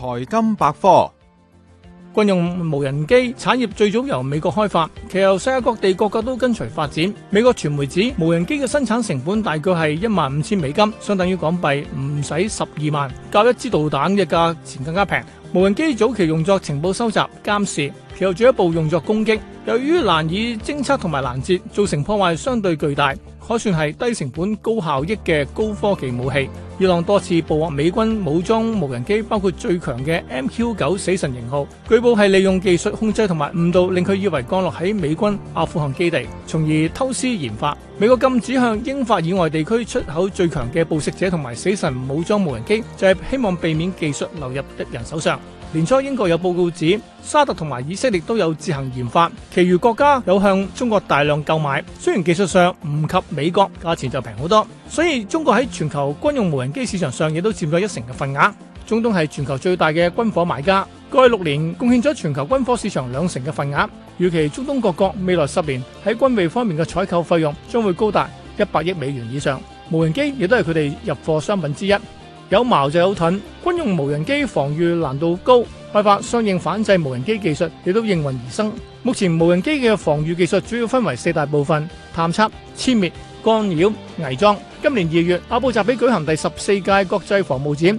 台金百科，軍用無人機產業最早由美國開發，其後世界各地各國都跟隨發展。美國傳媒指無人機嘅生產成本大概係一萬五千美金，相當於港幣唔使十二萬，較一支導彈嘅價錢更加平。無人機早期用作情報收集、監視，其後進一步用作攻擊。由於難以偵測同埋攔截，造成破壞相對巨大，可算係低成本、高效益嘅高科技武器。伊朗多次捕獲美軍武裝無人機，包括最強嘅 MQ 九死神型號，據報係利用技術控制同埋誤導，令佢以為降落喺美軍阿富汗基地，從而偷師研發。美國禁止向英法以外地區出口最強嘅捕食者同埋死神武裝無人機，就係希望避免技術流入敵人手上。年初英國有報告指，沙特同埋以色列都有自行研發，其餘國家有向中國大量購買。雖然技術上唔及美國，價錢就平好多。所以中國喺全球軍用無人機市場上，亦都佔咗一成嘅份額。中東係全球最大嘅軍火買家，過去六年貢獻咗全球軍火市場兩成嘅份額。預期中東各國未來十年喺軍備方面嘅採購費用將會高達一百億美元以上，無人機亦都係佢哋入貨商品之一。有矛就有盾，軍用無人機防禦難度高，開發相應反制無人機技術亦都應運而生。目前無人機嘅防禦技術主要分為四大部分：探測、殲滅、干擾、偽裝。今年二月，阿布扎比舉行第十四屆國際防務展。